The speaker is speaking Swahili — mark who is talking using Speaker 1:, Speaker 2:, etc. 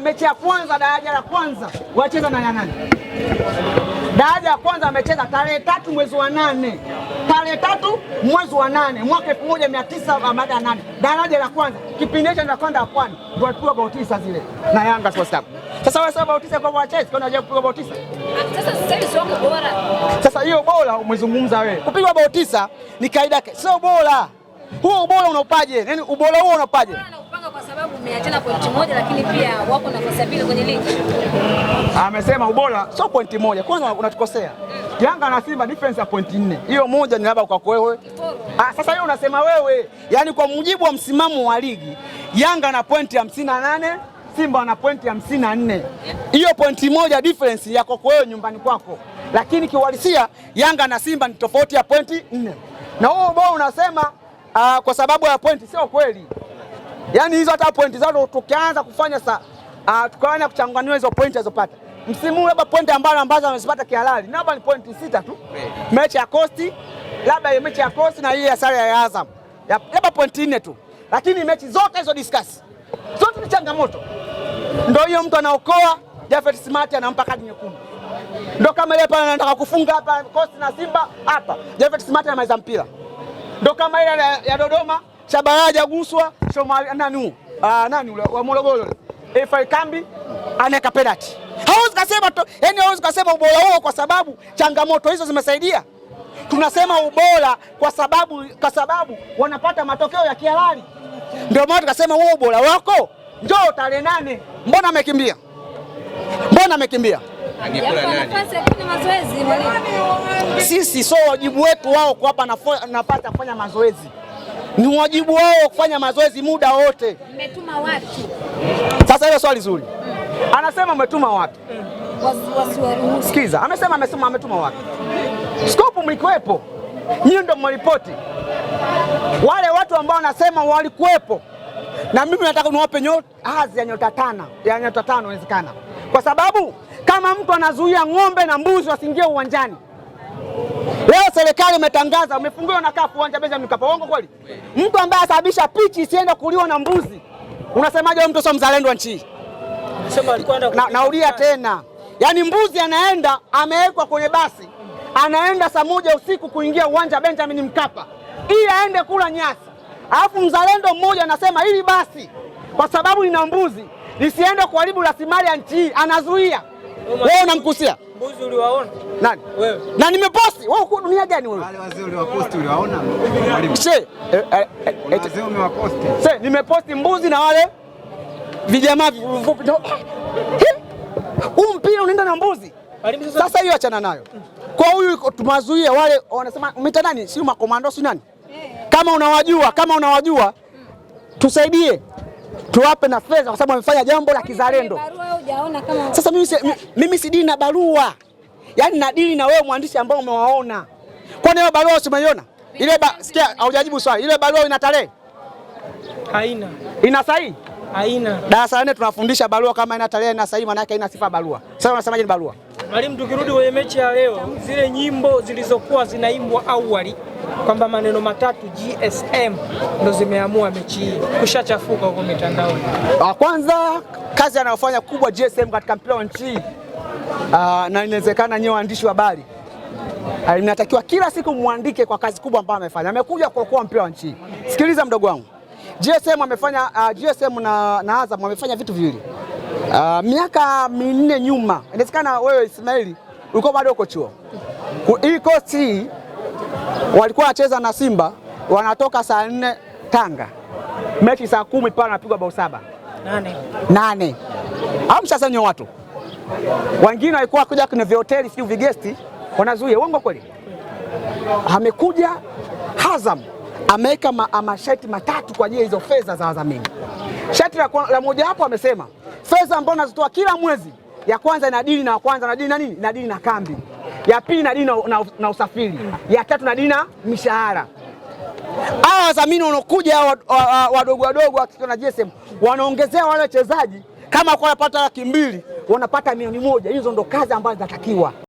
Speaker 1: Mzumbe eh, mechi ya kwanza daraja la kwanza wacheza na nani? Daraja ya kwanza amecheza tarehe tatu mwezi wa nane tarehe tatu mwezi wa nane mwaka elfu moja mia tisa baada ya nane daraja la kwanza kipindi hicho nakwenda pwani ndio alipigwa bao tisa zile na Yanga Sports Club. Sasa wewe sasa bao tisa kwa wacheza kwa unajua kupigwa bao tisa.
Speaker 2: Sasa sisi sio bora.
Speaker 1: Sasa hiyo bora umezungumza wewe. Kupigwa bao tisa ni kaida yake. Sio bora. Huo ubora unaupaje? Yaani ubora huo unaupaje?
Speaker 2: ameachana pointi moja, lakini pia wako nafasi ya pili kwenye ligi.
Speaker 1: Amesema ubora sio pointi moja, kwanza unatukosea mm. Yanga na Simba difference ya pointi nne, hiyo moja ni labda kwako wewe. Ah, sasa hiyo unasema wewe, yaani kwa mujibu wa msimamo wa ligi Yanga na pointi hamsini na nane Simba na pointi hamsini na nne hiyo pointi moja difference ya kwako wewe nyumbani kwako, lakini kiuhalisia Yanga na Simba ni tofauti ya pointi nne na wewe ubao unasema aa, ah, kwa sababu ya pointi sio kweli. Yaani hizo hata pointi zao tukianza kufanya sa uh, tukaanza kuchanganua hizo pointi alizopata msimu huu, labda pointi ambazo ambazo amezipata kihalali naba ni pointi sita tu, mechi ya Coast labda ile mechi ya Coast na ile ya sare ya Azam labda pointi nne tu, lakini mechi zote hizo discuss zote ni changamoto. Ndio hiyo mtu anaokoa Jafet Smart anampa kadi nyekundu, ndio kama ile pale anataka kufunga hapa Coast na Simba hapa, Jafet Smart anamaliza mpira, ndio kama ile ya Dodoma Shabalala guswa Shomari nani ah, nani ule wa Morogoro Efai Kambi anaweka penalty. Hauwezi kusema to, yani hauwezi kusema ubora huo kwa sababu changamoto hizo zimesaidia. Tunasema ubora kwa sababu kwa sababu wanapata matokeo ya kihalali. Ndio maana tukasema wewe ubora wako njoo tarehe nane. Mbona amekimbia? Mbona amekimbia?
Speaker 2: Angekula nani?
Speaker 1: Sisi so wajibu wetu wao kuwapa nafasi ya kufanya mazoezi. Ni wajibu wao kufanya mazoezi muda wote.
Speaker 2: Mmetuma watu.
Speaker 1: Sasa hilo swali zuri. Mm. Anasema umetuma watu. Mm. Sikiza, amesema amesema ametuma watu. Skopu mlikuwepo. Nyinyi ndio mmeripoti. Wale watu ambao wanasema walikuwepo. Na mimi nataka niwape nyota hazi ya nyota tano, ya nyota tano inawezekana. Kwa sababu kama mtu anazuia ng'ombe na mbuzi wasiingie uwanjani Leo serikali umetangaza umefungiwa na kafu uwanja Benjamin Mkapa. Uongo kweli? Mtu ambaye asababisha pichi isiende kuliwa na mbuzi, unasemaje mtu sio mzalendo wa nchi? Naulia na tena, yaani mbuzi anaenda amewekwa kwenye basi, anaenda saa moja usiku kuingia uwanja Benjamin Mkapa ili aende kula nyasi, alafu mzalendo mmoja anasema hili basi kwa sababu lina mbuzi lisiende kuharibu rasilimali ya nchi hii, anazuia. Wewe unamkusia
Speaker 2: Mbuzi uliwaona?
Speaker 1: Nani? Wewe. Na nimeposti. Wewe uko dunia gani wewe? Wale wazee uliwaposti uliwaona? Mwalimu. She. Eh, eh, eh,
Speaker 3: wazee umewaposti.
Speaker 1: She, nimeposti mbuzi na wale vijamaa vifupi. Huu mpira unaenda na mbuzi. Sasa hiyo achana nayo. Kwa huyu tumazuia wale wanasema umeita nani? Si makomando si nani? Kama unawajua, kama unawajua tusaidie tuwape na fedha, kwa sababu wamefanya jambo la kizalendo. Sasa mimi, mimi dini na barua, yaani dini na wewe mwandishi ambao umewaona. Kwani hiyo barua usimeiona? Ile ba, sikia, haujajibu swali. Ile barua ina tarehe? Haina. Ina sahihi? Haina. Darasa la nne tunafundisha barua, kama ina tarehe na sahihi, maana yake haina sifa barua. Sasa unasemaje ni barua?
Speaker 4: Mwalimu, tukirudi kwenye mechi ya leo, zile nyimbo zilizokuwa zinaimbwa awali kwamba maneno matatu GSM ndo zimeamua mechi hii, kushachafuka huko mitandaoni.
Speaker 1: Ah, kwanza kazi anayofanya kubwa GSM katika mpira wa nchi hii ah, na inawezekana nyewe waandishi wa habari ah, inatakiwa kila siku muandike kwa kazi kubwa ambayo amefanya. Amekuja kuokoa mpira wa nchi. Sikiliza mdogo wangu, GSM amefanya uh, GSM na, na Azam amefanya vitu viwili Uh, miaka minne nyuma, inawezekana wewe Ismaili ulikuwa bado uko chuo. Hii kosti hii walikuwa wacheza na Simba, wanatoka saa nne Tanga, mechi saa kumi pale wanapigwa bao saba nane, nane. mshasanywa watu wengine walikuwa kuja kwenye vihoteli siu vigesti wanazuia. Uongo kweli? Amekuja Hazam ameweka ma, mashati matatu kwa ajili hizo fedha za wadhamini. Shati la, la mojawapo amesema Fedha ambayo nazitoa kila mwezi, ya kwanza dili na kwanza nadili na nini, nadili na kambi, ya pili na, na, na usafiri, ya tatu na dili na mishahara. Hawa wadhamini wanaokuja wadogo wadogo wakiwa na GSM wanaongezea wale wachezaji, kama kwa wanapata laki mbili wanapata milioni moja. Hizo ndo kazi ambazo zinatakiwa.